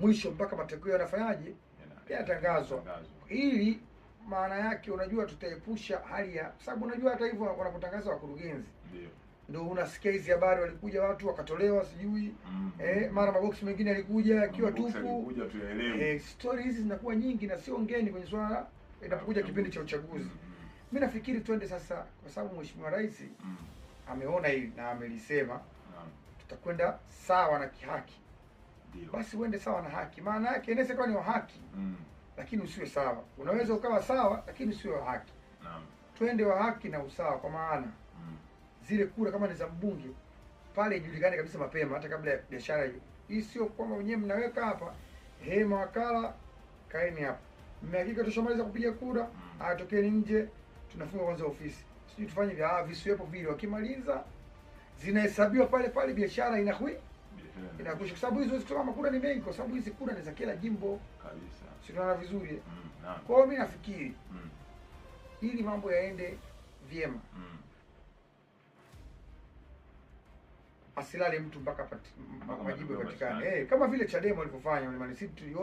mwisho mpaka matokeo yanafanyaje, yanatangazwa ili maana yake unajua, tutaepusha hali ya sababu, unajua hata hivyo wanapotangaza wakurugenzi ndio unasikia hizi habari, walikuja watu wakatolewa, sijui mm -hmm. eh, mara maboksi mengine yalikuja akiwa tupu. Eh, story hizi zinakuwa nyingi na sio ngeni kwenye swala inapokuja kipindi cha uchaguzi mm -hmm. mi nafikiri twende sasa, kwa sababu mheshimiwa rais mm -hmm. ameona hili na amelisema, tutakwenda sawa na kihaki basi uende sawa na haki. Maana yake inaweza kuwa ni wa haki mm. lakini usiwe sawa. Unaweza ukawa sawa lakini usiwe wa haki. Naam. Twende wa haki na usawa, kwa maana mm. zile kura kama ni za mbunge pale ijulikane kabisa mapema, hata kabla ya biashara hiyo. Hii sio kwamba wenyewe mnaweka hapa, hema mawakala, kaeni hapa, mmehakika tushamaliza kupiga kura mm. atokeni nje, tunafunga kwanza ofisi, sijui tufanye vya ah, visiwepo vile. Wakimaliza zinahesabiwa pale pale, biashara inakui inakusha kwa sababu hizo hizo kama kura ni mengi, kwa sababu hizi kura ni za kila jimbo kabisa, si tunaona vizuri mm, naam. Kwa hiyo mimi nafikiri mm, ili mambo yaende vyema mm, asilale mtu mpaka majibu yapatikane, eh, kama vile Chadema walivyofanya wale, tuliona